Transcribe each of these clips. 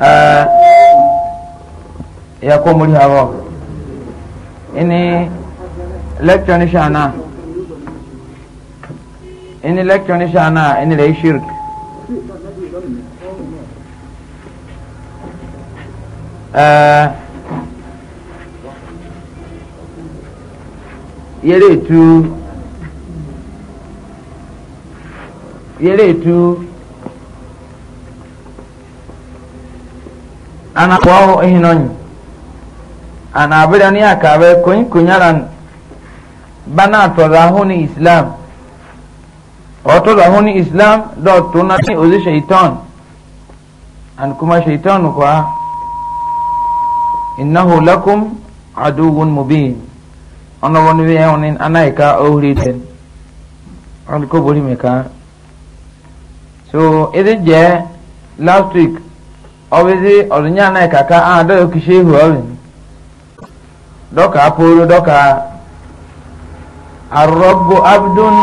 Eh, ya ko muri hawo ini lecture ni shana ini lecture ni shana ini dai shirk eh, yere tu yere tu ana kwawo ihinonyi ana abira ni akabe kun kunyaran bana to rahuni islam wato rahuni islam do tuna ni ozi shaitan an kuma shaitan kwa innahu lakum aduwwun mubin ona woni we onin anaika ohriten an ko bori meka so ede je last week obviously ọdụnya anaghị kaka a ah, dọọ ekishe ihu ọrụ dọka apụrụ dọka arọbụ abdun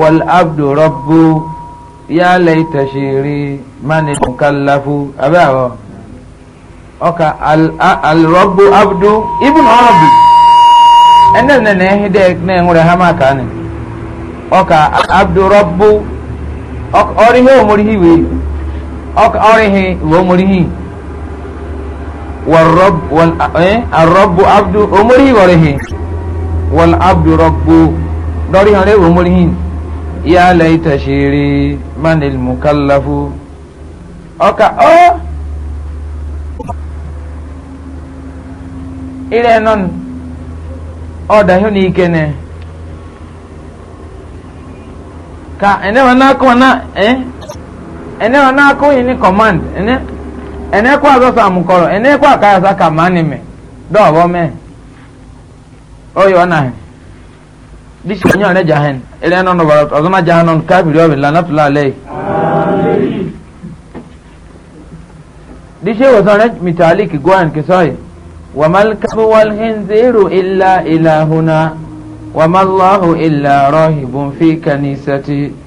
wal abdu rọbụ ya laita shiri mani mukallafu abẹ awọ ọka alrọbụ abdu ibn ọrọbụ ẹnẹ nẹ na ehi dẹ na enwere ha maka ọka abdu rọbụ ọrịa ihe omori ọrịhị bụ omorihi eh, arọbụ abdu omorihi ọrịhị wal abdu rọbụ dọrịhị ọrịhị bụ omorihi ya laita shiri manil mukallafu ọka ọ ire nọn ọ dahụ n'ike ne ka ene wana kwana eh ene ona ako yin ni command ene ene ko azo sa mu koro ene akaya sa ka mani me do bo me o yo na hen di se nyo ne jahen ele no no barat azuma jahanon kafir yo billah natla alay amin di se wo so ne mitali ki gwan ke soy wa mal kabu wal hinziru illa ilahuna wa ma allah illa rahibun fi kanisati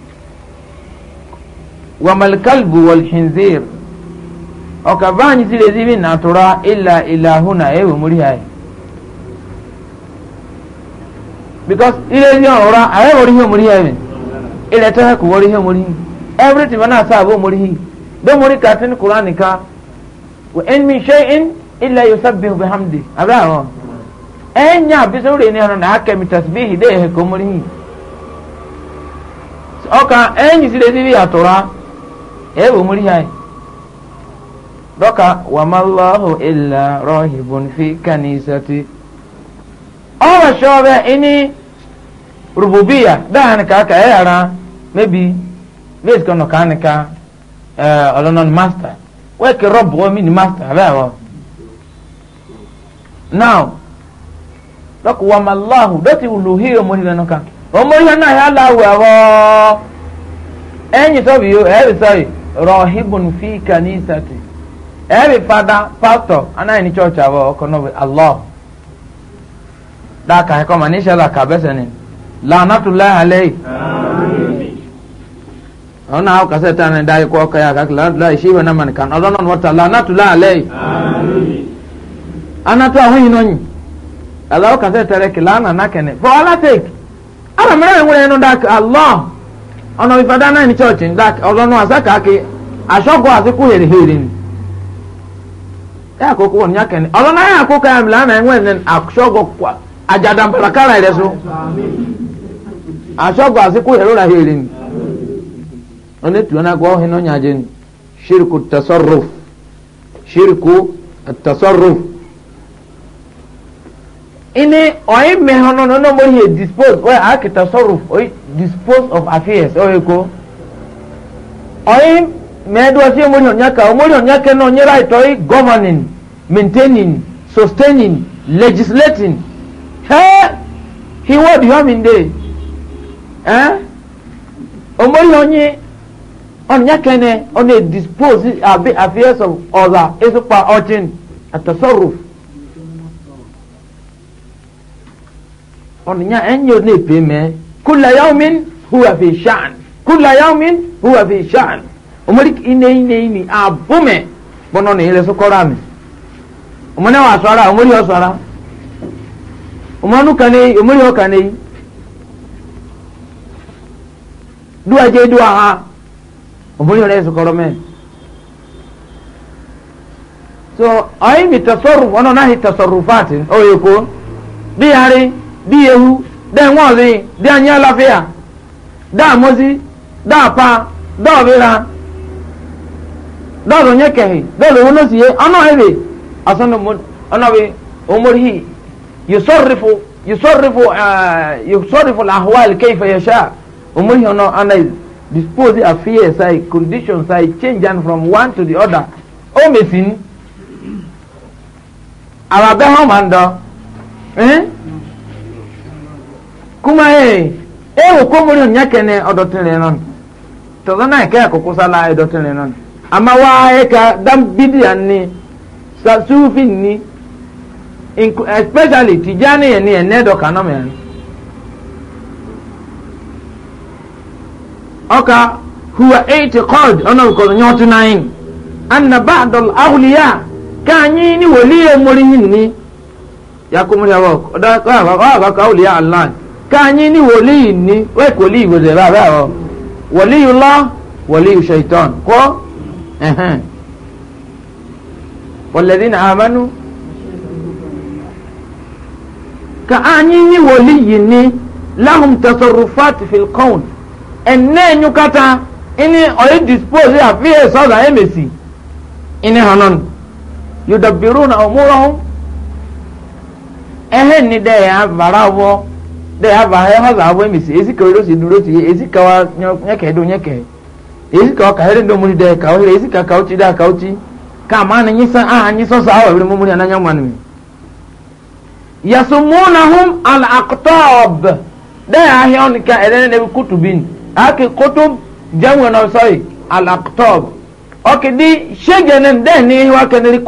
wamalkalbu walhinzir ọka vaanyi si lezi bi natura ila ilahuna ewe muri hai because ile zi ọrọra ayé wọri hi omuri hai ilẹ̀ tẹ́lẹ̀ kò wọri hi omuri hi everything wọn náà sáàbù omuri hi domori katin kuran nìka wò ẹn mi in ilẹ̀ yóò sábẹ̀ ọbẹ̀ hamdi abẹ́ àwọn ẹn nyà bisọ́ rẹ̀ ní ọ̀nà náà kẹ́mi tasbihi dé ẹ̀hẹ̀ kò omuri hi ọka ẹn ewu muri hai doka wa mallahu illa rahibun fi kanisati awa shobe ini rububiya dan e ka ka era maybe this kono kan ka eh alonon master we ke rob wo mi ni master ba now dok wa mallahu doti uluhiyo muri noka o muri na ya lawo e enyi so bi yo e bi so rahibun fi kanisati every father pastor anayi ni church abo ọkọnọ bi allah daka ẹkọ ma níṣẹ la kàbẹsẹ ni lanatulahi alayi ọ̀nà àwọn kàṣẹ tí a ní dáyé kọ́ ọkọ̀ yà kàkiri lanatulahi ṣé ìwé náà mà nìkan ọ̀dọ́ náà wọ́ta lanatulahi alayi anatu ahun yìí nọ́nyì aláwọ̀ kàṣẹ tẹ̀lé kìlá ànànà kẹ́ni for allah sake alamẹ́rẹ́ ìwúrẹ́ yẹn nù dáka allah ọ̀nà ìfàdá náà ní chọ́ọ̀chì ńlá ọlọ́nà àsákàáké àṣọ́gbọ́ àti kúhèrè hèrè ni ẹ àkókò wọn ní akẹ́ni ọlọ́nà ẹ àkókò ẹ̀ mìlá náà ẹ̀wọ̀n ẹ̀nẹ́ni àṣọ́gbọ́ àjàdàmbarakàrà rẹ̀ so àṣọ́gbọ́ àti kúhèrè rà hèrè ni ọ̀nà ètò ọ̀nà àgbọ̀ ọ̀hìn náà nyàjẹ́ ni ṣírkù tasọ́rọ̀ ṣírkù tasọ́rọ̀ ini oyi mehono no no mori he dispose oyi akita sorrow oyi dispose of affairs oyi ko oyi mẹ́ẹ̀dọ́sí omori onyaka omori ọ̀nyáka náà nyẹ́ra ìtọ́ yìí governing maintaining sustaining legislating he he ẹ́ hiwọ́ di họ́mìndé ẹ́ omori onye ọ̀nyáka ne ọ̀nà dispose abi uh, affairs of ọ̀la ẹ̀sùpà ọ̀chin àtọ̀sọ̀rọ̀. ọ̀nìyàn ẹ̀yọ́ ní èpè mẹ́ kúlẹ̀ yà omi hùwà fi ṣàn kúlẹ̀ yà omi hùwà fi ṣàn ọmọdé iné iné iné àbúmẹ̀ bọ́nà ọ̀nà ilẹ̀ sọ́kọ́rọ́ àmì ọmọdé wà sọ́ra ọmọdé yọ sọ́ra ọmọdé kan ní ọmọdé yọ kan ní duwaje duwa ha ọmọdé yọ sọ́kọ́rọ́ mẹ́ so ọ̀yìn mi tasọ́rù ọ̀nà náà hi tasọ́rù fàtì ọ̀yẹ̀kọ́ bí bí ehu dẹ́n wọ́n rí dí anyé aláfíà dá àmọ́sí dá àpá dá ọ̀ríra dá ọ̀rọ̀ nyẹ́kẹ̀hìn dá ọ̀rọ̀ wọn sì yé ọ̀nà ẹ̀rẹ̀ asọ́nà ọ̀nà wí ọmọrìhì yusọ́rìfù yusọ́rìfù yusọ́rìfù làhùwàl kẹ́yìfẹ̀ yẹ̀ṣà ọmọrìhì ọ̀nà ọ̀nà dispose affairs ay conditions ay change am from one to the other ó mèsì ní àràbẹ́ hàn máa ń dán. kuma e ewu komori nyakene odotinle non to zana ke ko kusala odotinle non amma wa e ka dam bidiyan ni sa sufi ni especially tijani ye ni ene do kanome yani oka huwa i'tiqad ona ko nyotu nain anna ba'd al awliya kanyi ni waliye mori ni yakumuri awok oda ka ba ka awliya allah ka anyị ni wòlíì ni wéè kò lì ìwòsàn ìbá bẹ́ẹ̀ ọ wòlíì lọ wòlíì ṣèitán kó wòlẹ́dí na àmánú ka anyị ni wòlíì ni lahum tasarufat fil kọ́ùn ẹ̀nẹ́ ẹ̀nyúkata ẹni ọ̀yẹ́ dispose àfihàn sọ́dà ẹ̀mẹ̀sì ẹni hànán yóò dàbírú na ọ̀múrọ̀ ẹ̀hẹ́ ni dẹ́ ẹ̀ wọ́ de ava ha ha za abwe misi ezi ka ro si duro ti ezi ka wa nyeke do nyeke ezi ka ka hele do muri de ka o ezi ka ka uti da ka uti ka ma na nyisa a nyiso sa awa bire mumuri ananya manu yasumunahum al aqtab de ya hi on ka ere ne kutubin ake kutub jamu na sai al aqtab oke di shegenen de ni wa keneri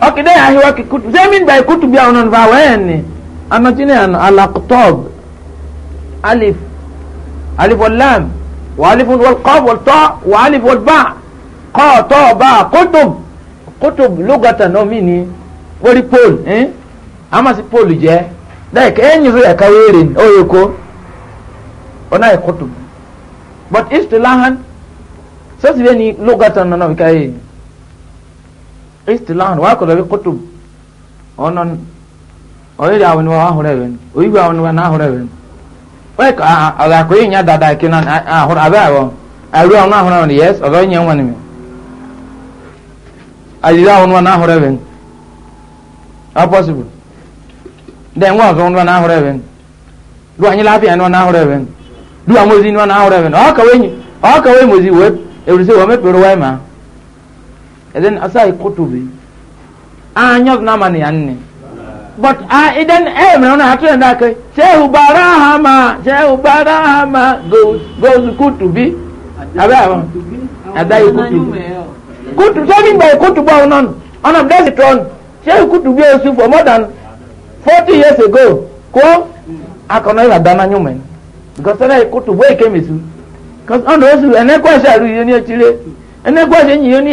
okide ahiwa ki kutu zemin bai kutu biya onon fa wen anatine an alaqtab alif alif wal lam wa alif wal qaf wal ta wa alif wal ba qa ta ba kutub kutub lugatan omini eh? wori pol eh ama si pol je like enyi eh, zo ka werin oh, but istilahan sasibe ni lugatan na no kai istilahan wa kɔlɔ bi kutub ɔnɔn ɔyiri awon wa ahorɛ bɛn oyigbe awon wa n'ahorɛ bɛn wɛ ka aa ɔga koyi nya dada kina ahorɛ abe awɔ awi awon ahorɛ bɛn yɛs ɔlɔ nyɛ wani mi ayiri awon wa n'ahorɛ bɛn how possible dɛn wa ɔzɔn wa n'ahorɛ bɛn du anyi lafiya ni wa n'ahorɛ bɛn du amozi ni wa n'ahorɛ bɛn ɔkawe ɔkawe mozi wɛ ewurise wɔ mɛ pere wɛ and then asa ikotobi anyog ah, na mani yanne but ah uh, idan eh mna na hatu nda ke shehu barahama shehu barahama goes goes kutubi ababa adai kutubi kutu talking by kutubi onon on of that throne shehu kutubi osu for more than 40 years ago ko akọ̀nà ìlà Dana nyúmẹ̀ because sọ́dọ̀ ikú tó bóyá kémi su because ọ̀nà oṣù ẹ̀nẹ́kọ́ ẹ̀ṣẹ̀ àrùn yìí ni ó ti ré ẹ̀nẹ́kọ́ ẹ̀ṣẹ̀ yìí ni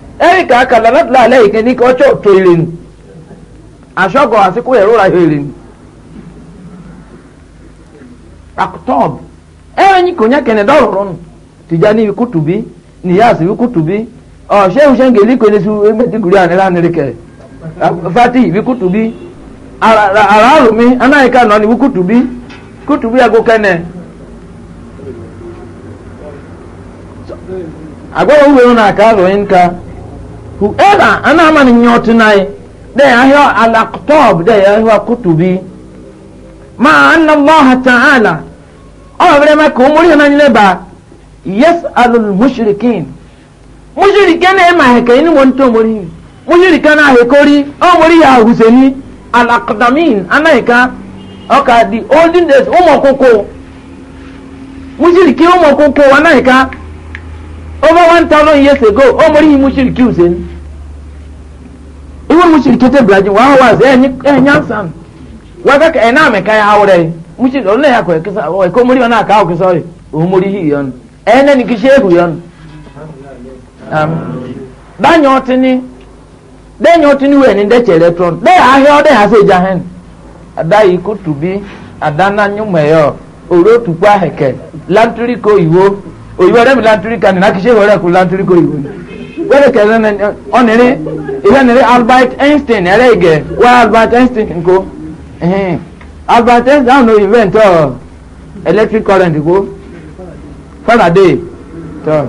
erika akala láti lálẹ́ ìkíní kí ọjọ́ tó ire nù àṣọgọ̀ àsìkò ìrora ire nù akutọ́ọ̀bù ẹ̀rẹ́yìn kò nyẹ́ kẹ́nẹ̀ dọ́rọ̀rọ̀ tìjà ní ibi kùtù bí nìyá àti ibi kùtù bí ọ̀ṣẹ́ ìṣẹ́ǹgẹ̀ ilé ìkọ́ni sí mẹ́tìkùrí ànílá nìrìkẹ́ fati ibi ibi whoever anama ni nyote naye dey ahia alaktob dey ahia kutubi ma anna allah ta'ala awa vile ma ko muri na nyine ba yas'alu al mushrikin mushrikin e ma heke ni won to muri mushrikin na hekori o muri ya huseni al aqdamin anaika oka the olden days umo koko mushrikin umo koko ka. over one thousand years ago omori imushiriki usen iwe mushiriki te braji wa hawa ze enyansan waka ka ena me kai hawre mushiriki ona ya ko kisa o ko omori ona ka o kisa ori omori hi yon ene ni kishegu yon um danyo tini danyo tini we ni de electron de ahio de ha se jahen adai kutubi adana nyumeyo orotukwa heke lanturiko iwo òyìnbó ọ̀rẹ́ mi lantiri kan nínú akíṣe ìwọ̀rẹ́ kò lantiri kò ìwé wẹ́rẹ́ kẹlẹ́ ní ọ̀nìrí ìlẹ́nìrí albert einstein ẹ̀rẹ́ ìgẹ̀ wá albert einstein nko albert einstein event invent electric current kó faraday tọ́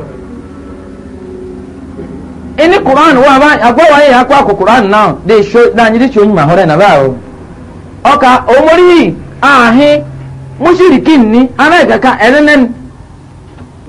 ini quran wa ba agbo wa ya kwa ko quran now they show na nyi show nyi ma hore na ba o oka omori ahin mushrikin ni ana ka ka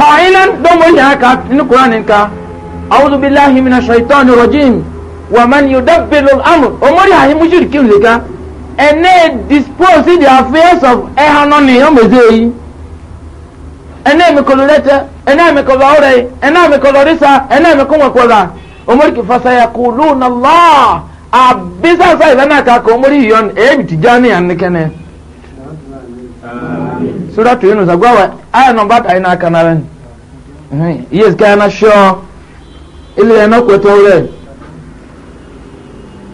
قائلا دوم هكا ان القران كا اعوذ بالله من الشيطان الرجيم ومن يدبر الامر امر هي مشركين لك and they dispose the affairs of ehanoni omezeyi ene mi kolorete ene mi kolore ene mi kolorisa ene mi kunwa kola omori ki fasa yaquluna allah abisa sa ibana ka ko omori yon e bitijani an kene suratu yunus agwa aya nọmba ta ina aka nara ni iye sika ya na sọ ilé ẹ̀ náà kwẹtọ rẹ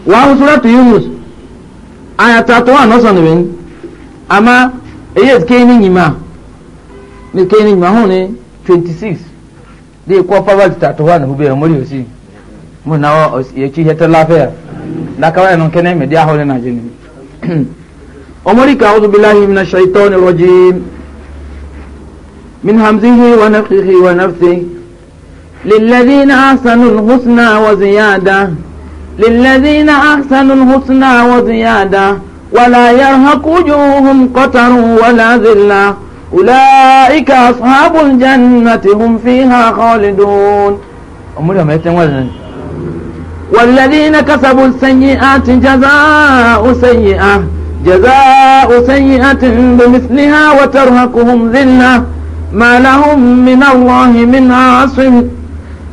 wàá sọrọ yunus aya ta tó wà nọsàn ama iye sika yẹn ni nyima ni sika yẹn ni nyima ni twenty six de kọ́ poverty ta tó wà nìyẹn bẹ́ẹ̀ mo rí o sí mo na ọ yẹtí yẹtẹ láfẹ́ dakawa ẹnu kẹ́nẹ́ mẹ́díà hó ni nàìjíríà ọmọdé kan ọdún bíláhi mi na ṣe ìtọ́ ni rọ́jìn. من همزه ونفخه ونفثه للذين أحسنوا الحسنى وزيادة للذين أحسنوا الحسنى وزيادة ولا يرهق وجوههم قطر ولا ذلة أولئك أصحاب الجنة هم فيها خالدون والذين كسبوا السيئات جزاء سيئة جزاء سيئة بمثلها وترهقهم ذلة ما لهم من الله من عاصم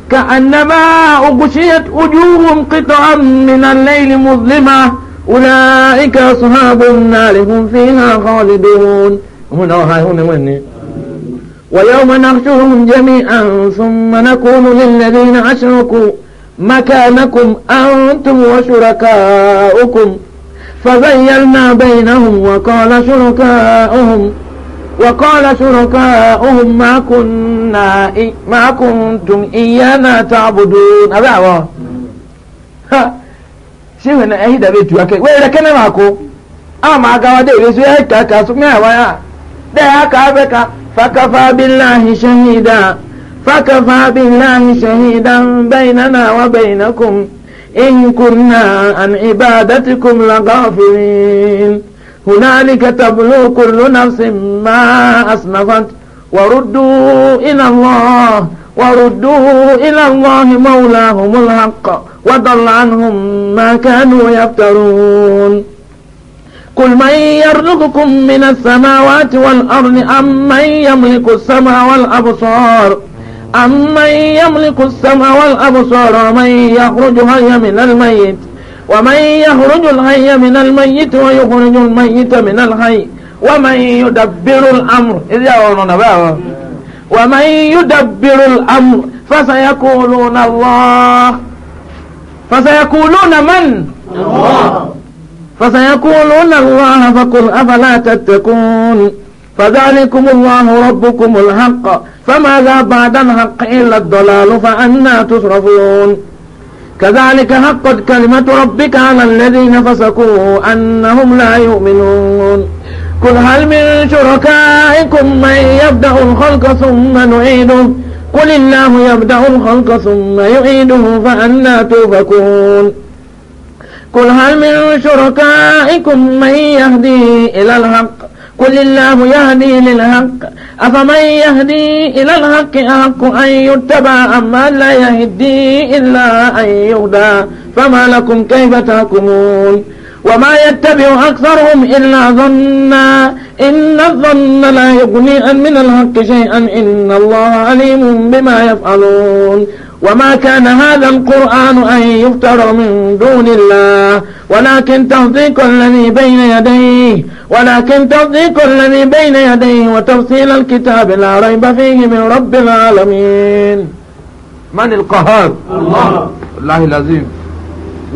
كأنما أغشيت وجوههم قطعا من الليل مظلمة أولئك أصحاب النار هم فيها خالدون هنا وهاي هنا وهنا ويوم نغشوهم جميعا ثم نقول للذين أشركوا مكانكم أنتم وشركاؤكم فزيلنا بينهم وقال شركاؤهم وقال شركاؤهم ما كنا ما كنتم إيانا تعبدون أبا عوا شيخ أنا أهيد بيتي وكي وإذا كان معكو أما قوادي بيسو يهيكا كاسو ميهوايا ده هكا بكا فكفى بالله شهيدا فكفى بالله شهيدا بيننا وبينكم إن كنا عن عبادتكم لغافلين هنالك تبلو كل نفس ما أسلفت وردوا إلى الله وردوا إلى الله مولاهم الحق وضل عنهم ما كانوا يفترون قل من يرزقكم من السماوات والأرض أم من يملك السمع والأبصار أم من يملك السمع والأبصار ومن يخرج هيا من الميت ومن يخرج الحي من الميت ويخرج الميت من الحي ومن يدبر الأمر إذا ومن يدبر الأمر فسيقولون الله فسيقولون من الله فسيقولون الله فقل أفلا تتقون فذلكم الله ربكم الحق فماذا بعد الحق إلا الضلال فأنا تصرفون كذلك حقت كلمة ربك على الذين فسقوا أنهم لا يؤمنون قل هل من شركائكم من يبدأ الخلق ثم نعيده قل الله يبدأ الخلق ثم يعيده فأنا توفكون قل هل من شركائكم من يهدي إلى الحق قل الله يهدي للحق أفمن يهدي إلى الحق أحق أن يتبع أما لا يهدي إلا أن يهدى فما لكم كيف تحكمون وما يتبع أكثرهم إلا ظنا إن الظن لا يغني من الحق شيئا إن الله عليم بما يفعلون وما كان هذا القرآن أن يفتر من دون الله ولكن تصديق الذي بين يديه ولكن تصديق الذي بين يديه وتفصيل الكتاب لا ريب فيه من رب العالمين من القهار الله الله العظيم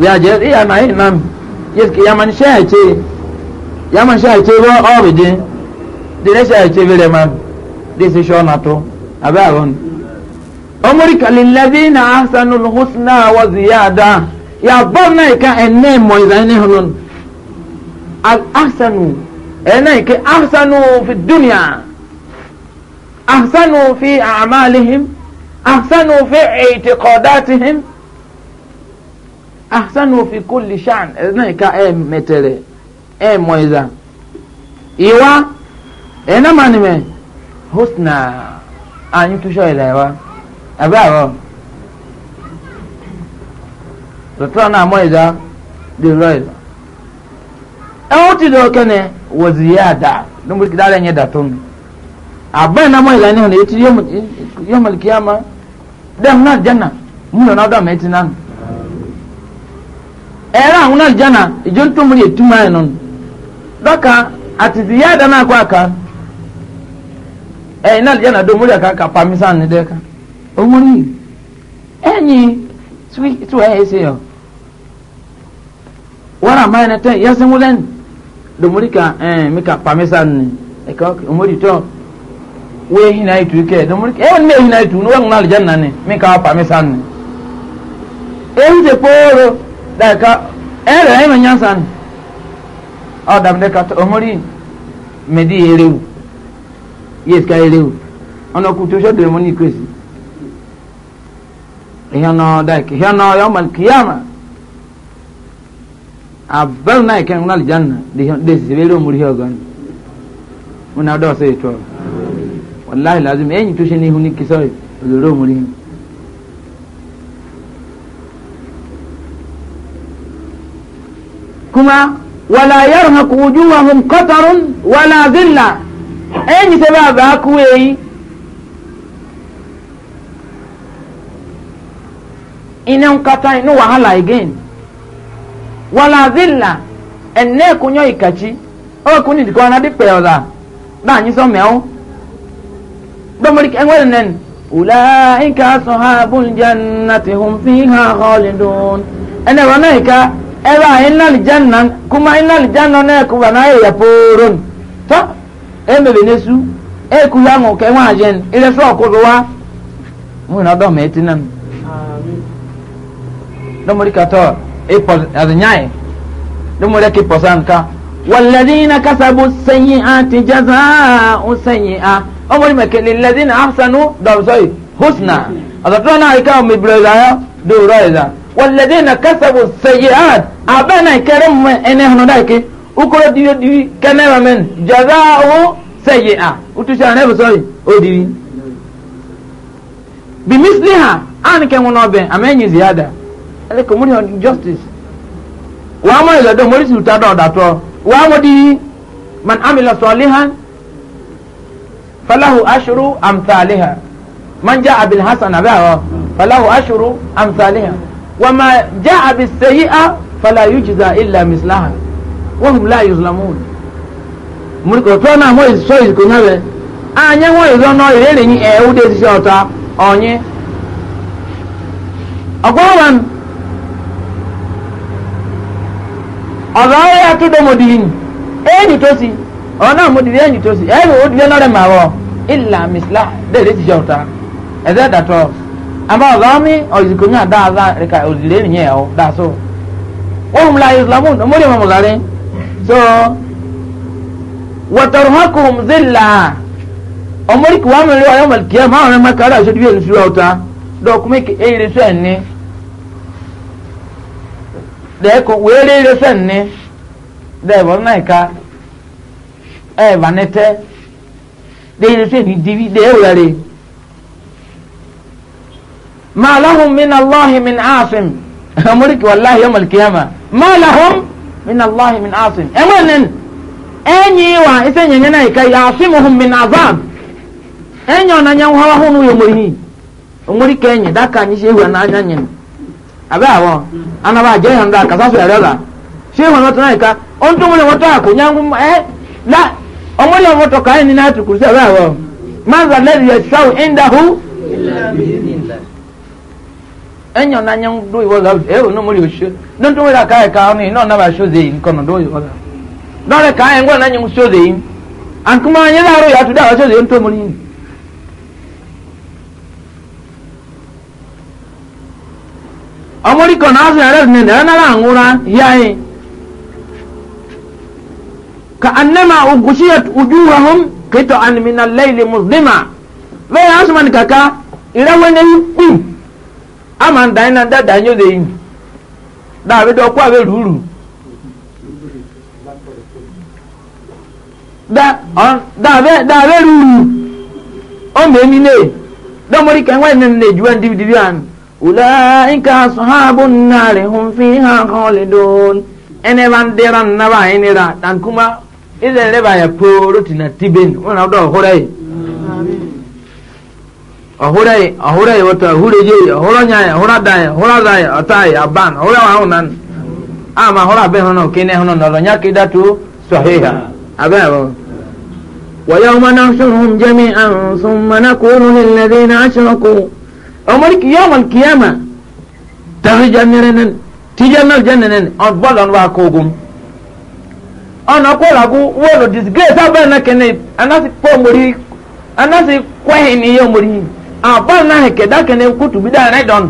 يا جل يا معين يا من شاهدتي يا من شاهدتي هو أبدي دي ليش شاهدتي بلي دي سيشوناتو أبعون أمرك للذين أحسنوا الحسنى وزيادة يا بنا إكا إني مويزاني هنون الأحسنوا إني إكا أحسنوا في الدنيا أحسنوا في أعمالهم أحسنوا في اعتقاداتهم أحسنوا في كل شأن إني إكا إم متري إم مويزا إيوا إنما نمي حسنى أنتو شايلة إيوا abẹ́rọ tòtò náà mọ ìdá di rọ ìdá ẹ̀hún ti dọ̀ kẹ́ni wòzì yá dà lóun kí dára ẹ̀yẹ dà tó mi àbẹ́rẹ́ náà mọ ìlà ya ma dẹ́hùn náà jẹ́nà múlò náà dọ̀ mẹ́tì náà ẹ̀rọ àwọn náà jẹ́nà ìjọ omuri enyi tu ɛyɛ se yɔ wara maa yɛn tɛ yɛsɛ mu lɛn domori ka ɛɛ mi ka pamisa ni ɛka omuri tɔ wo ehina yi tu kɛ domori kɛ ɛwɔ ni mi ehina yi tu ni wɔn ŋun alijan nani mi ka pamisa ni eyi te kpooro da ka ɛrɛ ɛyɛ ma nyansa ni ɔ dam de ka tɔ omuri mɛ di erewu yɛ sika erewu ɔnà kutu sɔdɔ emu ni kwesi hiano daik hiano yawm alqiyama abal na ken unal janna de de zibelo muri hogan una do se to wallahi lazim en tushe ni huni kisoy zoro muri kuma wala yarhaqu wujuhahum qatarun wala dhilla en sebe ba ina nkata inu wahala again wala zilla ene kunyo ikachi o kuni diko na di peola da anyi so meo domorik enwere nen ulaika ashabul jannati hum fiha khalidun ene wana ika eba li janna kuma li janna ne kuba na ya porun ta emebe nesu ekula ngo ke wajen ile so okuwa mu na do metinan domori kato e pos azinyai domori ki posan ka والذين كسبوا السيئات جزاء سيئة أمر مك للذين أحسنوا درسي حسنى أذكرنا إيكا مبرزا دورزا والذين كسبوا السيئات أبنا كرم إنه نداك ukoro diwi diwi kẹnẹrọ mẹn jaza u sẹyẹ a utusa anẹbi sọrọ o diwi bimisiliha a ni kẹwọn n'ọbẹ amẹnyin ziyada aleke omori on injustice wa mo ile do mori si uta do dato wa mo di man amila salihan falahu ashru amthaliha man jaa bil hasana ba'o falahu ashru amthaliha wa ma jaa bis sayyi'a fala yujza illa mislaha wa hum la yuzlamun muri ko to na mo so is ko nyawe anya wo izo no ire ni e ude si ota onye ogwawan ọ̀rọ̀ ayé akéde mòdìrí ni éèdì tó si ọ̀rọ̀ náà mòdìrí éèdì tó si ẹ̀rù ó dilé lọ́rẹ̀ màá wọ̀ ìlà mìsílà déédé ti jẹ ọ̀tá ẹ̀dẹ́ dàtọ̀ àmọ́ ọ̀rọ̀ mi ọ̀yìnkò ní àdá àzá rẹ̀ka òdìrí nìyẹn ọ̀ dà so wọ́n mu la islamu mọ́lẹ̀ mọ́ mọ́sálẹ̀ so wọ́tọ̀rọ̀hókùn zìlà ọmọdé kìwámi lọ́wọ́ ayọ́mọ̀lì kìí deko were ire sen ni debo naika e vanete de ire sen ni divi de ewere ma lahum min allah min asim amurik wallahi yawm al qiyama ma lahum min allah min asim emanen enyi wa isenye nyana ika yasimuhum min azab enyo na nyawo hawa hunu yomori omori kenye daka nyi shehu na anya nyina abe awo anaba ajere yanda kasasu erela shehu na tana ka on to mure wata ko nyangu eh la omuri omoto kai ni na tukurse abe awo man za ladhi yashau indahu enyo na nyangu do iwo zabu eh no muri oshe don to mure kai ka ni no na ba shoze in kono do iwo dole kai ngwa na nyangu shoze in an kuma nyela ro ya tuda shoze in to muri ọmọdé kan náà sọ̀rọ̀ ẹ̀rẹ́sì nìyẹn náírà ń wúra yá yín ka annama ugushiyat ujuhahum kito an min al-layl muslima bẹ́ẹ̀ yà sọ̀rọ̀ kàkà ìrẹ́wé ní kú àmà ń dání náà dáadáa ní òde yìí dàbí dọ́kú àbẹ rúurú dàbẹ rúurú ó mẹ́ni lé dọ́mọdé kan wáyé nínú ìjùwẹ́ ndíbi dìbí àná. أولئك أصحاب النار هم فيها خالدون أنا من ديران نبا هنرا تنكما إذا لبا يبورو تنتبين ونعود أخوري أخوري أخوري وطا أخوري جي أخوري نعي أخوري داي أخوري داي أتاي أبان أخوري وعونان أما أخوري بيهنو كيني هنو نرنيا كداتو صحيحة أبابا ويوم نحشرهم جميعا ثم نقول للذين أشركوا ọmọdé kìí yọ̀wọ̀n kìíyàmà tẹ̀síjà nírẹ́nẹ́n tíjà náà jẹ́nẹ́nẹ́n bọ́ọ̀lù ọ̀nà wa kọ́ ogun ọ̀nà kọ́làkú wọ́ọ̀lù disgrace abẹ́rẹ́ náà kẹ́ne anásì pọ̀ na anásì kwẹ́hìn ní yọ̀ mọ́rí àbọ̀ náà hẹ̀kẹ́ dákẹ́ne ka bí dáa rẹ́dọ̀n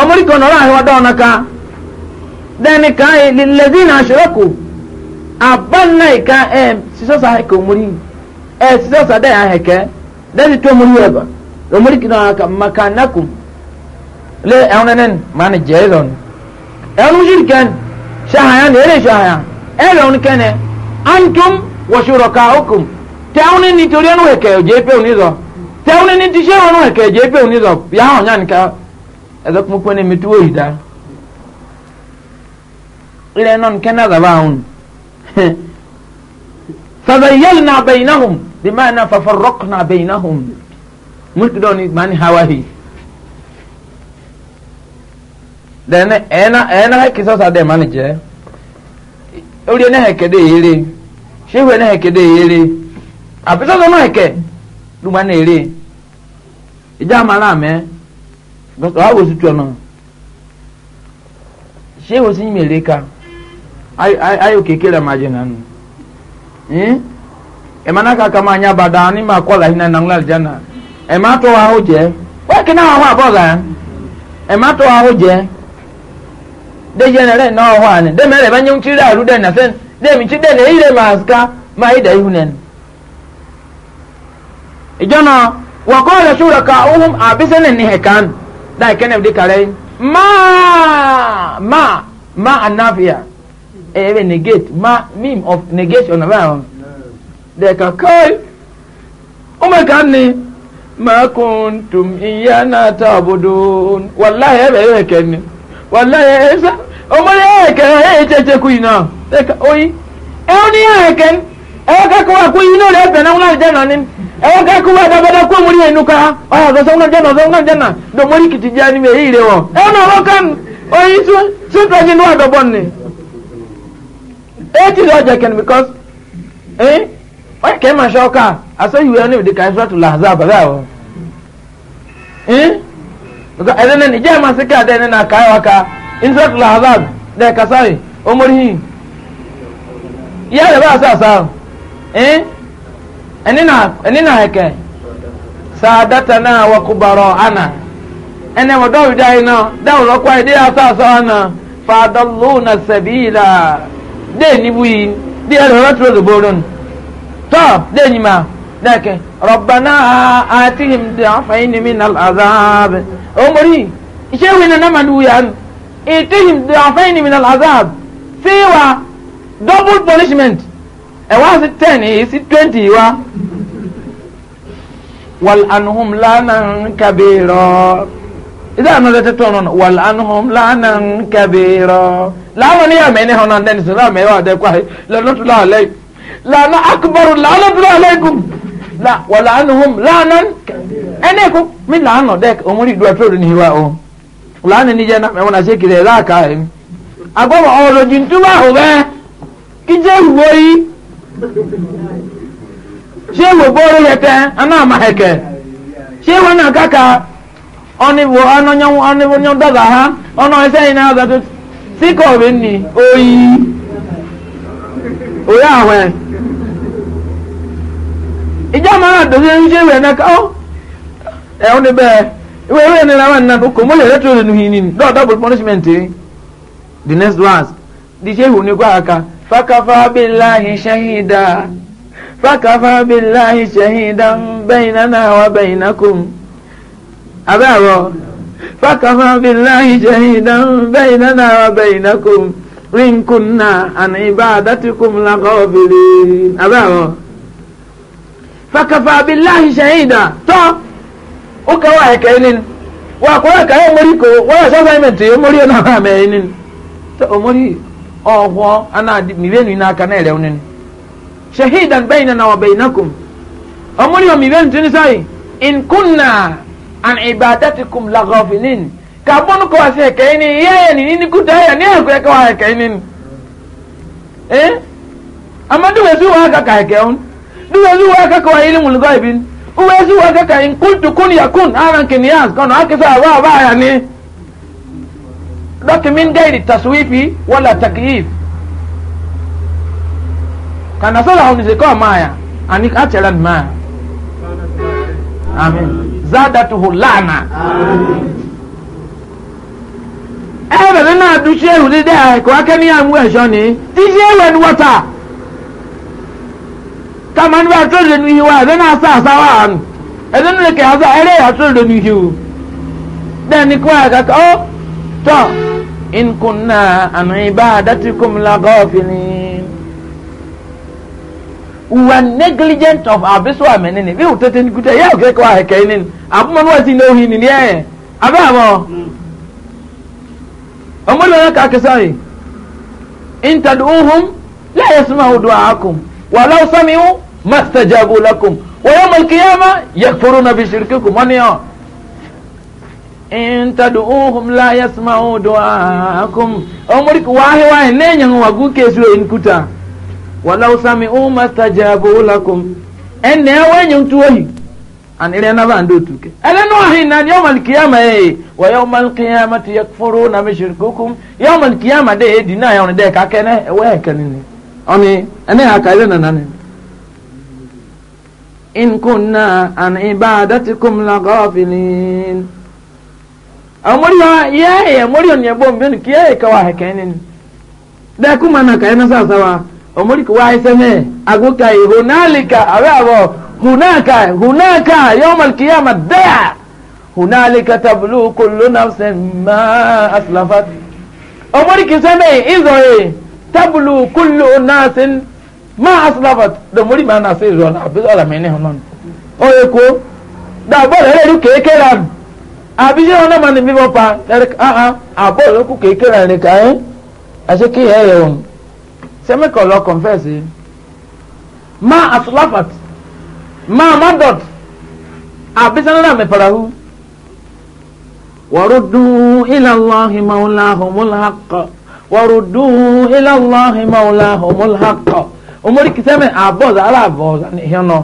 ọmọdé kọ́ nọ́rọ́ àhẹ́wà dọ́ ọ̀nà ká dẹ́ni ká lẹ́dí náà ṣọ́kù àbọ̀ náà ká ẹ̀ sísọ́sà hẹ̀kẹ́ mọ́rí ẹ̀ sísọ́sà dẹ́ lomori kina aka makanakum le ɛwɔnɛnɛn maani jɛɛ lɔn ɛwɔn shiri kɛn shahaya lere shahaya ɛlɔn kɛnɛ antum wɔsoro kaokum tɛwɔnɛ ni tori ɛnu hɛkɛ jɛɛ pɛw ni zɔ tɛwɔnɛ ni tisɛ ɛnu hɛkɛ jɛɛ pɛw ni zɔ yaha ɔnyan ka ɛzɛ kumu kpɛnɛ mi tuwo zaba ahun fabayal na bayinahum bimaana fafarok mutu dɔɔni mani hawahi dɛnɛ ɛna ena hɛ kisɛ de dɛ mani jɛ ori ne hɛ kɛdɛ yele sehu ne hɛ kɛdɛ yele apisa sɔ ma hɛ kɛ luma ne yele ìjà ma la mɛ gbɔsɔ awo su tɔ nɔ sehu si mi leka ayo ayo keke la ma jɛ nanu ɛn hmm? ɛmɛ ka kama nyaba daa ma kɔ la hinɛ nangula jana ẹ̀ma tó wa ó jẹ́ wẹ́ẹ̀kì náà wà bọ́ọ̀gà ẹ̀ma tó wa ó jẹ́ de yẹnẹrẹ náà wà ní de mẹrẹ bá nyẹ ń tiri de mi ti dẹ̀ ní èyí rẹ̀ máa ska máa yí dẹ̀ ihu nẹ́nu. ìjọ náà wọ́kọ́ rẹ̀ sùrọ̀ ká ohun àbísẹ́nì ní hẹ̀kan dáì kẹ́nẹ̀ bí kàrẹ́ máa máa máa anáfíà ẹ̀rẹ̀ negate máa meme of negation ọ̀nà báyọ̀ dẹ̀ kà káì ó ni ma kuntum iyana ta'budun wallahi ebe yake kenni wallahi esa o mo yake e cheche kuina deka oyi e oni yake e ka ko wa kuina le pe na ngala jana nin e ka ko wa da ba da ko muri enuka o ya do sona jana do ngala jana do muri kitijani me ile wo e no lo kan oyi so so to ni no do bonni e ti do jeken because eh wọ́n kẹ́ máa ṣọ́ ká asọ́yìí wíwá níbi dìka ẹ̀ṣọ́ tó làzá bàbá àwọn. ẹ̀dẹ́ ní ìjẹ́ máa ṣe kí adé ní na ká ẹ̀wá ká ẹ̀ṣọ́ tó làzá dẹ̀ kásáyì ọmọdéhìn. ìyá rẹ̀ bá sàṣà ẹni nà ẹ̀kẹ́ sàdátà náà wọ́n kú bọ̀rọ̀ àná ẹni wọ́n dọ́wọ́ ìdá yìí náà dáwọ́ lọ́kọ́ ẹ̀dẹ́ yà sàṣà ọ̀nà fàdọ́lù nà sẹ̀bìlà dé níbu yìí dé ẹ̀rọ rẹ̀ tó lè borí nù. طب ليه ما لكن ربنا آتهم ضعفين من العذاب عمري شو هنا نمدو يعني آتهم ضعفين من العذاب سوى double punishment was it 10 is it 20 wa والأنهم لانا كبيرا إذا أنا لا تتونون والأنهم لانا كبيرا لا من يا مني هنا ندنس لا ميوا دكوا لا نطلع لك lànà akọbọrọ lànà bílọ̀ aláìkùm wàlà ànàhùm lànà ẹnẹ kó mi lànà dẹ òmùrí ìdúrà tó ní ìwà o lànà níjẹ náà mẹwọn àti èkìrẹ ẹ láàkà ẹ agbọbọ ọrọ ha onye ahụ e. ija mara dozie ihe wee na ka oh, e, ọ ẹ̀hún ni bẹ́ẹ̀ ìwé ìwé ìnira wà nínú kò mọ́lẹ̀ lẹ́tọ́ lẹ́nu yìí nínú dọ́ọ̀ double punishment eh? the next verse di ṣe Fakafa ní gbọ́ fakafa bilahi shahida fakafa bilahi shahida awa wa bainakum abẹ́ arọ. fakafa bilahi shahida awa wa bainakum. in kunna an ibadatikum la ghafirin abẹ́rọ. fakafa billahi shahida tọ́ ó kẹwàá ẹ̀kẹ́ ní ni wà kó ẹ̀kẹ́ yóò mórí kó wọ́n yóò sọ́fàmẹ̀tì yóò mórí ọ̀nà àwọn àmẹ́ ní ni tọ́ ò mórí ọ̀họ́ mìíràn iná aka náà ẹ̀rẹ́ ní ni. shahidan baynana wa baynakum ọmọrí ọmọ mìíràn tí ní sáyìn in kunna an ibadatikum la ghafirin kabon ko ase kaini yeye ni nini kutaya ni eh? akure ka wa kaini eh amadu wezu wa ka ka kaun du wezu wa ka ka ilmu lgaibin uwezu wa ka ka in kuntu kun yakun aran kiniyas kono akisa wa ba ya ni لكن من غير تسويف ولا تكييف كان صلح نزكوا معايا أنك أتلان معايا آمين زادته لعنة آمين ẹbẹ eh, mi náà du ṣéwù dídẹ ẹkọ akẹni àmú ẹṣọ ni ti ṣéwù ẹni wọta kàmánú bá tó lè nu ihi wa ẹbẹ náà sá àsáwà àánú ẹbẹ náà kẹ àzá ẹrẹ yà tó lè nu ihi o dẹni kó ẹ kàkà ó tọ nkunna àná ibà àdàtìkùn làgọ́ọ̀fìnì. we were negligent of our bisu amene ne bi wotete nkuta yɛ okeke wa hekɛyi ne aboma no wa si ne ohi ne ne yɛ abɛ ọmọdé wọn kà kẹsàn yìí intaduhum láyé sùnmọ́ àwọn du'aakum wà láwù sami'u mastajabu lakum wà yawm al-qiyama yakfuruna bi shirkikum wọ́n ní ọ́ intaduhum láyé sùnmọ́ àwọn du'aakum ọmọdé wàhí wàhí lẹ́yìn wàgú kẹsù ẹ̀yìn kúta wà láwù sami'u mastajabu lakum ẹ̀ nẹ́ẹ̀wẹ̀ yẹn tó yìí. an ire na ban do tuke ala no hin nan yawmal qiyama eh wa yawmal qiyamati yakfuruna bi shirkukum yawmal qiyama de eh, dina ya on de ka kene eh, we kene ni oni ene ha ka na nan in kunna an ibadatikum laghafilin amuriya ya ya muriyo ne bom bin ki ya eh, ka wa ha kene ni da kuma na ka na sa sawa omuri ko wa iseme aguka ihonalika awe abo هناك هناك يوم القيامة داع هنالك تبلو كل نفس ما أسلفت أمريكي سنة إذا تبلو كل ناس ما أسلفت ده ما ناسي إذا أبيض على ولا مني هنون أو يكو ده بول هلا لو كي كلام أبي جل أنا من بيبو با لك آه آه أبول لو كي كلام لك أيه أشكي هيهم سمع كلام confess ما أسلفت máa dọ̀t àbísánlá mẹ́fàràhù wàrúdú ilàláhi mauláhu múlhàkọ̀ wàrúdú ilàláhi mauláhu múlhàkọ̀ omori kìsẹ́mi àbọ̀zà aláàbọ̀zà ni hìnnà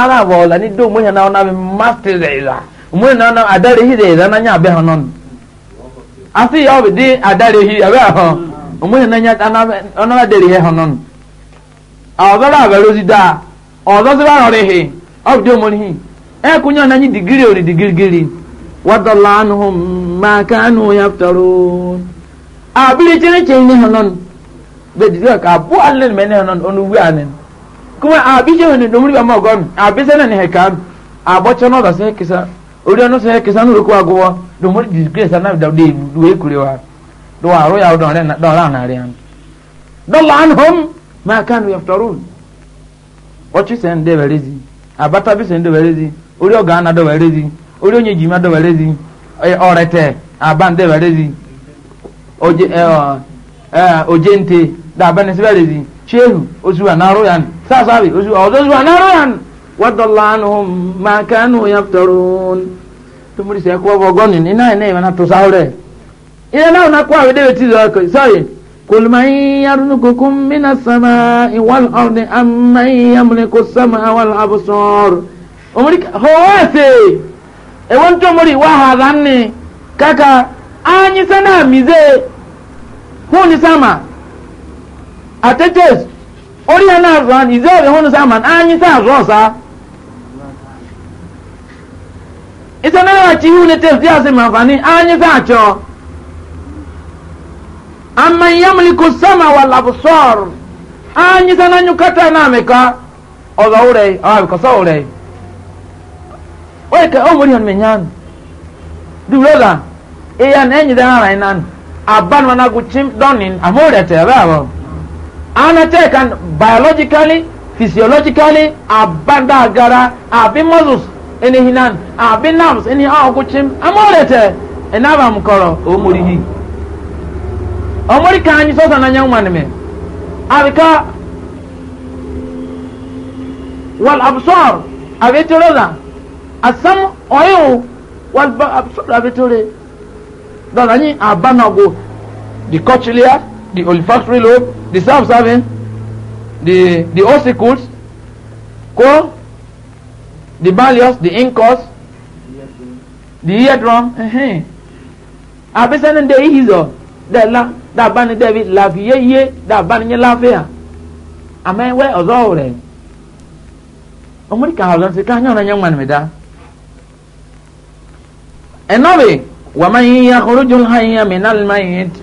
aláàbọ̀zà ni dóòmù hìnnà ọ̀nà mi mástì rẹ̀yà omori nana adárehi rẹ̀yà nányà abẹ́ hàn nọ́nù àti ìyá ọ̀bì di adárehi abẹ́ hàn omori nana ọ̀nà adárehi hàn nọ́nù àwọn ọ̀bẹ̀rẹ̀ àbẹ̀rẹ̀ ó ti dáa ọ̀dọ́ ti bá rọrẹ̀ hìn abdi omonihin e kunya nanyi digiri ori digirgiri wadalla anhum ma kanu yaftarun abili chere chere ni hanon be diga ka bu allen mene hanon onu wi anen kuma abi je hono domri ba magon abi sene ne hekan abo chono da se kisa ori ono se kisa no ko agwo domri digiri sana da de du e kurewa do aro ya do na do la na rian dalla anhum ma kanu yaftarun what you saying they were lazy abata bisi ndowerezi ori ọga ana dowerezi ori onye jima dowerezi ọrẹtẹ e, aba ndowerezi oje e, e, oje nte daba nisiberezi shehu osuwa naru yan sasabi osuwa osuwa naru yan wadọla anuhum ma kanu yaftarun tumuri sẹ kọ bọ gọnin ina ina ina to sahore ina na قل من يرزقكم من السماء والأرض أم من يملك السمع والأبصار أمريكا هو سي ewọn tó mori wá ha zanni kaka anyi sana mize huni sama atetes ori ana zan ize ori huni sama anyi sa rosa isana wa ci huni tes dia se mafani anyi sa cho amma yamliku sama wal absar anyi sana nyukata na meka ozo ure ure oike o muri hon menyan du roga e yan enyi na rai aban wana donin amore te ana te kan biologically physiologically aban da gara abi muscles eni hinan abi nerves eni ha guchim amore te enaba mkoro o muri ọmọdé kan ní sọ́sà náà nyẹ́wò mọ́ni mi àbíká wàl absor àbítúrò la àsám ọ̀yẹ́wò wàl absor àbítúrò dọ̀là ní àbánago the cochlear the olfactory lobe the self-serving the the ossicles ko the malleus the incus the eardrum uh -huh. abisani de ihizo. dɛ la daa ba ni dɛ bi nye laafiya amɛ wɛ ɔzɔɔ rɛ kaa ɔzɔn ti kaa nyɔnu nye ŋmani da ɛnɔbi wama yi ya koro ha yi ya mi na lima yi ti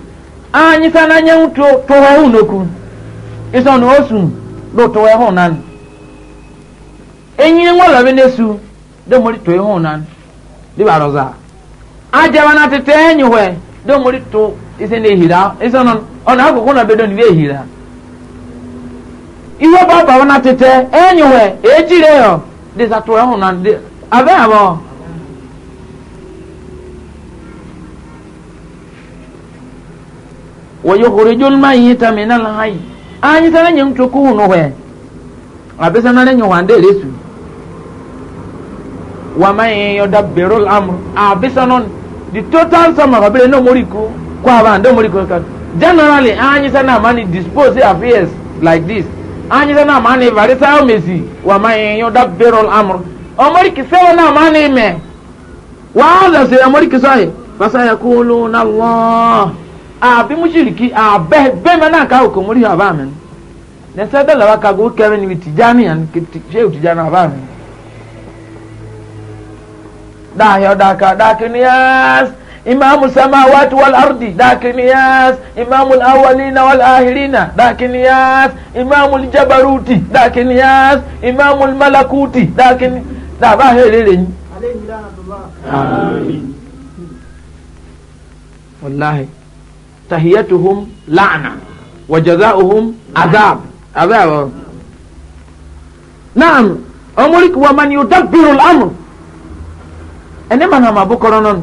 aa nyisa na nye to tɔwɔ n'oku isɔn na osu do tɔwɔ enyi bi do rɔza ajabana tete enyi do to. ise na ehira ise nọ ọ na akụkụ na bedo na ehira ihe ọba ọba na tete enyiwe ejire yọ dịsa tụrụ ahụ na ndị abe abụọ ويخرج الميت من الحي أني سنة يمتكون هو أبي سنة يوان دي لسو ومن يدبر الأمر أبي سنة the total sum of abele no moriko kwaba ndo muri ko kan generally anyi sana mani dispose affairs like this anyi sana mani varisa o mesi wa mai yo da berol amr o muri ki se na mani me wa la se o muri ki sai fasa yaquluna allah a bi mushriki a be be me na ka ko muri aba men ne se da la ka go kere ni tijani an ki je tijani aba men da yo da ka da ki ni yes إمام السماوات والأرض ذاك نياس إمام الأولين والآخرين ذاك نياس إمام الجبروت ذاك نياس إمام الملكوت ذاك ذا باهرين عليه لعنة الله والله تحيتهم لعنة وجزاؤهم عذاب عذاب نعم أمرك ومن يدبر الأمر أنا ما أنا ما بكرة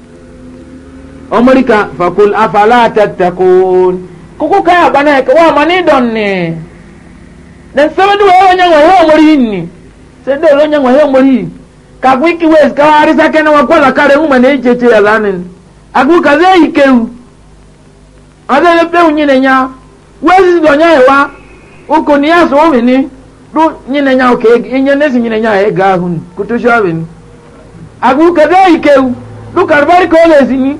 ọmọríkà fakul afala tatakun kókó káyà gbaná ẹ̀ka wà má ní dọ̀nì dẹ̀ sẹ́wọ́dì wọ́n yóò nyẹ́wọ̀ ẹ̀hẹ́ ọmọrí yìí nì sẹ́dẹ̀ ló nyẹ́wọ̀ ẹ̀hẹ́ ọmọrí yìí kàkú ikí wẹ́ẹ̀sì káwá arísákẹ́ náà wà kọ́là kárẹ̀ ń mọ̀nà èjèjì yà lánàá àgùn kàzé yìí kéwù nya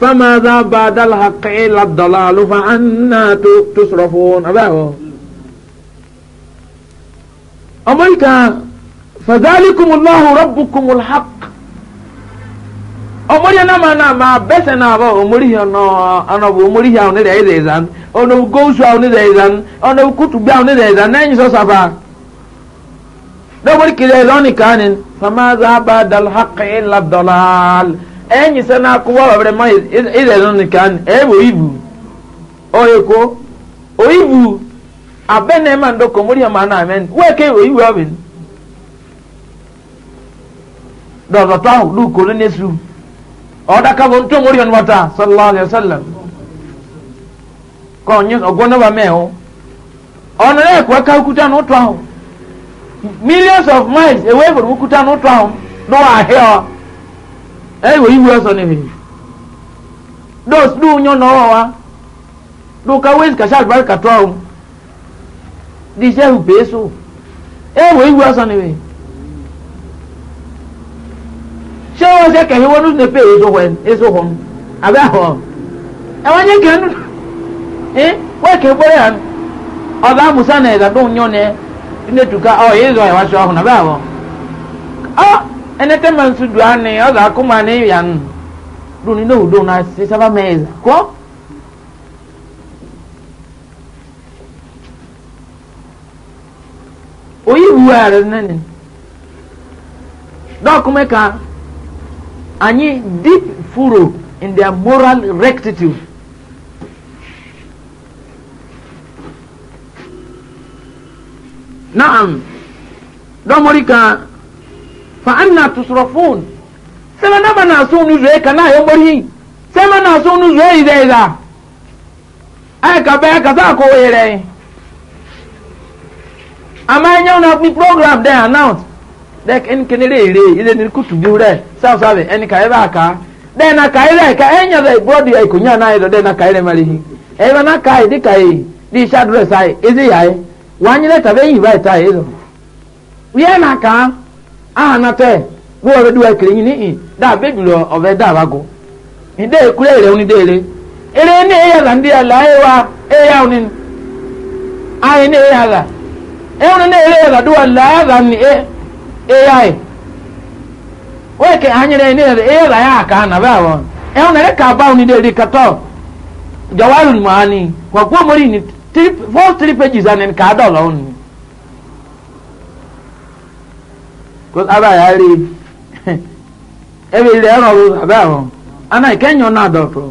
فماذا بعد الحق إلا الضلال فأنا تصرفون أبعه أمريكا فذلكم الله ربكم الحق أمريكا نما نما بس نما أمريكا نا أنا أمريكا أنا ذا إذا أنا بقوس أنا ذا إذا أنا بكتب أنا ذا إذا نين سو سبا ده أمريكا ذا لوني كان فماذا بعد الحق إلا الضلال enyi sị na akụwa ọbara ma ịdị ịdị nke anyị ebe oyibu ko oyibu abe na ema ndo komori ma na amen weke e oyibu abin dọdọtọ ahụ lu koro n'esu ọdaka bụ ntụ omori ọnụ wata sallallahu alaihi wasallam ka onye ọgwọ nọba mee ọ ọ nọrọ ekwe aka okwuta n'ụtụ ahụ millions of miles ewee bụrụ okwuta n'ụtụ ahụ dụwa ahịa ọ ewe iwe ọsọ n'emebi dos du nyo n'ọwa ọwa du ka wezi kasha adubari katọ ahụ di shehu peso ewe iwe ọsọ na ṣé wọn ṣe kẹhìn wọn ní pé èso wọn èso wọn àbẹ àwọn ẹwọn yẹn kẹhìn ẹ wọn kẹhìn gbọdọ yàn ọba musa náà ẹdá tó ń ọ yéé zọ ẹwà ṣọ ọhún ọ. ene tema nsu dua ne ɔza akoma ne ya no do ne no do na se saba meza ko oyi wuare nene dɔkume ka anyi deep furo in their moral rectitude naam dɔmori kan fa anna tusrafun sema na bana so nu zai kana yo bari sema na so nu zai zai da ai ka ba ka za ko yere ama nya na ku program dey announce dek en kenere ere ile ni kutu bi ure sa sa be en ka e ba ka de na ka ire ka enya de body ai kunya na ire de na ka ire mari hi e ba na ka di ka di sha dress ai izi yai wanyere tabe yi ba ta na ka anatɛ wo ɔbɛ do ɛkele yi nihin da abe dulɔ ɔbɛ da aba ide ekura ere oni deere ere ne eya la ndi ala ewa eya oni ayi ne eya la oni e ne ere la do ala ala ni e eya yi e. o eke anyere ne eya la ya aka na bɛ awɔ ewoni ere ka ba oni deere katɔ jawaru ni mo ani wa gbɔ mori ni three four three pages ani ka adɔ la oni. because aba ya ri ebe ire ẹran ro aba ahọ ana ìkẹyìn ọ̀nà àdọ̀tọ̀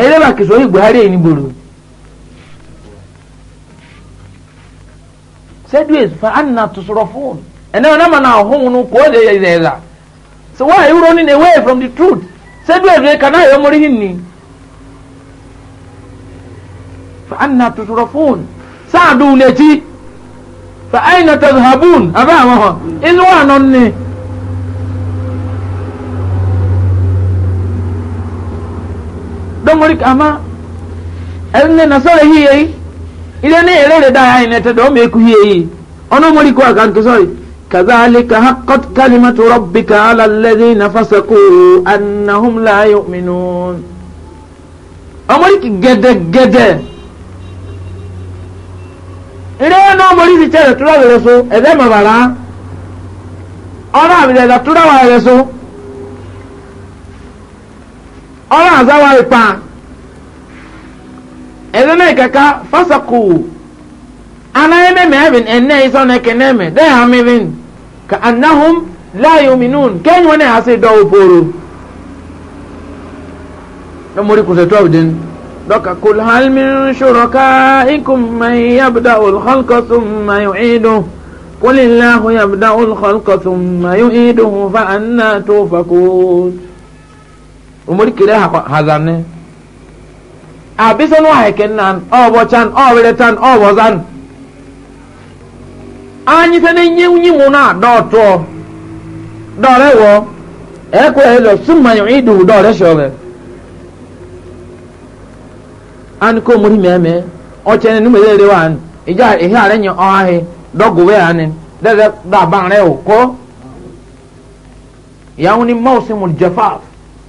eré bá kìsọ́ ìgbòhárí èyí níbòrò sẹ́dúwèsì fa anna tó sọ̀rọ̀ fún ẹ̀nẹ́ ọ̀nà mà náà ọ̀hún nù kó lè yẹ ilẹ̀ ẹ̀dà so why are you running away from the truth sẹ́dúwèsì kan náà yọ ọmọ yìí ni fa anna tó sọ̀rọ̀ fún sáà dùn n'etí fa aina tazhabun aba àwọn hàn inú wa nọ ni. domorik ama ẹnne nasọrọ hiye yi ilé ní èrè rẹ dáhà yìí nẹtẹ eku hiye yi ọ̀nà morik wa kankan sọ̀rọ̀ كذلك حقت كلمة ربك على الذين فسقوا أنهم لا يؤمنون أمريك جد جد ire na omori di chere tura were so ebe mabara ọrụ abịrị da tura were so ọrụ azawa ipa ebe na ikaka fasaku anaghị meme ebin ene iso na eke neme de ha mirin ka annahum la yuminun kenyi wani ha si dọwụ poro na omori kusa tura دوكا قل هل من شركائكم من يبدأ الخلق ثم يعيده قل الله يبدأ الخلق ثم يعيده فأنا توفكون umuri kire hazanne abisen wa heken nan obo chan obere tan obo zan anyi sene nyi nyi muna doto dore wo ekwe lo summa yuidu dore shobe an ko muri meme o chene nume le rewan ija e ha re nyo ahe dogu we anin da da da ban re ko yauni mawsimul jafaf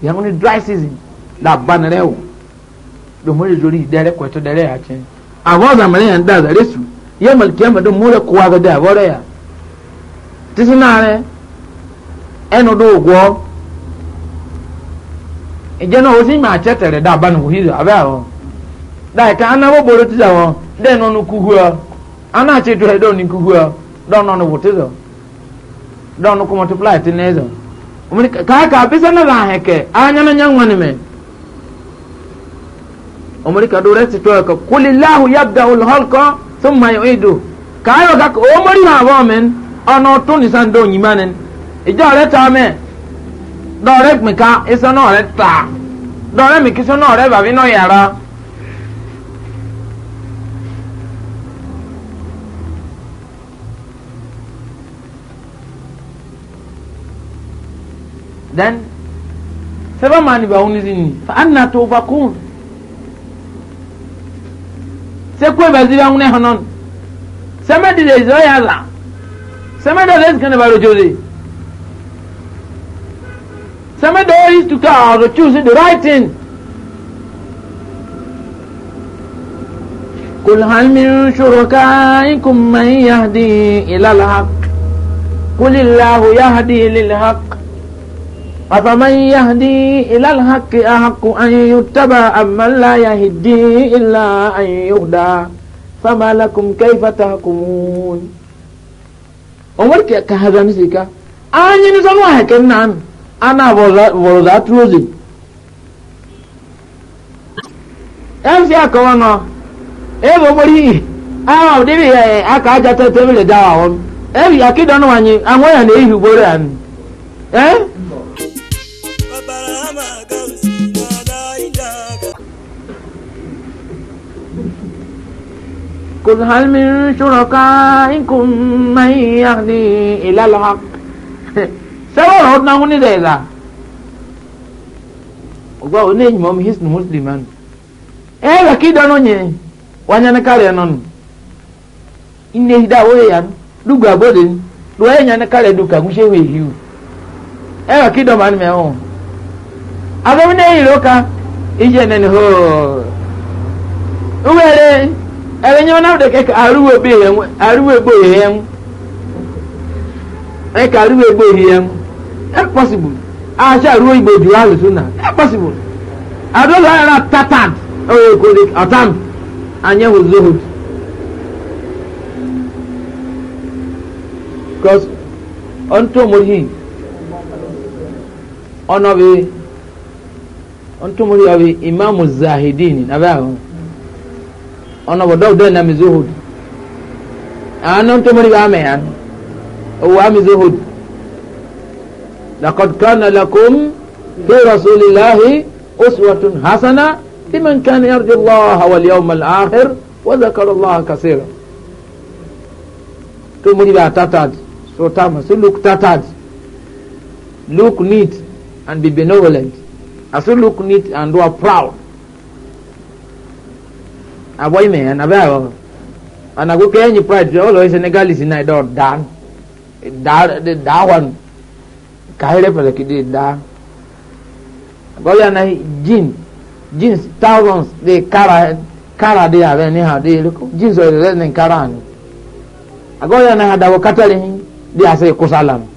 yauni dry season da ban re o do muri jori dere ko to dere ya chen awoza mare yan da zare su mal kiyama do mure ko wa da bore ya tisina re eno do gwo ije na o si ma chetere da ban hu hizo abawo dịka anabọ boro tiza wọn dị nọ ana a anaghị etu ha dọọ n'ukwuhu a dọọ nọ n'ụbụ tizọ dọọ n'ụkwụ multiply ti n'ezọ kaa ka abisa na la aheke anya na nya nwani me omurika do resi to ka kulillahu yabda'u al-khalqa thumma yu'idu kayo ga o mori na ba men ono to ni san do nyimanen ijo re ta me do re mi ka iso no re ta do re mi kiso no re ba bi no yara then sɛbɛ maa ni baa wuni zi ni fa an na to ba kun ba zi ba wuni hɔnɔn sɛmɛ de de ya la sɛmɛ de de zi kana ba rojo de sɛmɛ de o is to ka ɔrɔ choose the right thing. قل هل من شركائكم من يهدي إلى الحق قل الله يهدي للحق أفمن يهدي إلى الحق أحق أن يتبع أم من لا يهدي إلا أن يهدى فما لكم كيف تحكمون أمرك كهذا نسيك أني نسان واحد نعم أنا ورزات روزي أمسي أكوانا إيه أمري أنا أبدي أكا أجا تتبع لدعوهم أبي أكيد أنا واني أمويا نيهي بوري أنا إيه قل هل من شركائكم من يهدي إلى الحق سوار هدنا هوني ده إذا ogba one enyi mom his muslim an e la ki dono nye wanya na kare non inne hida wo yan du gba bodin du e nya na kare du ka gushe we hiu e la ki do man me o ado ho uwere ebe nye ọnọdụ keke arụwe ebe ihe arụwe ebe ihe ya nwe eke arụwe ebe ihe ya e possible ahachi arụwe igbo ju alụsụ na e possible adọla yara tatad ọyọ ọtam anya hozo hozo because ọntọmọhi ọnọbi ọntọmọhi ọbi imam zahidin abẹ́ ọ̀nà bọ̀dọ̀ ọ̀dọ̀ ẹ̀ nàmi zohod àánú tó mọ̀rí bá mẹ̀yà owó àmì zohod lakọ̀d kánà lakum fi rasulillahi uswatun hasana liman kan yarju allah wal yawm al akhir wa zakara allah kaseera tó mọ̀rí bá tatad so tam so look tatad look neat and be benevolent as you look neat and you are proud aboy me an abe awo ana go ke nyi pride all the senegalis na do dan da da wan kaire pele kidi da go ya na jin jeans thousands de kara kara de ave ni ha de ko jeans o le ne kara ni ago ya na hada go katali de ase kusalam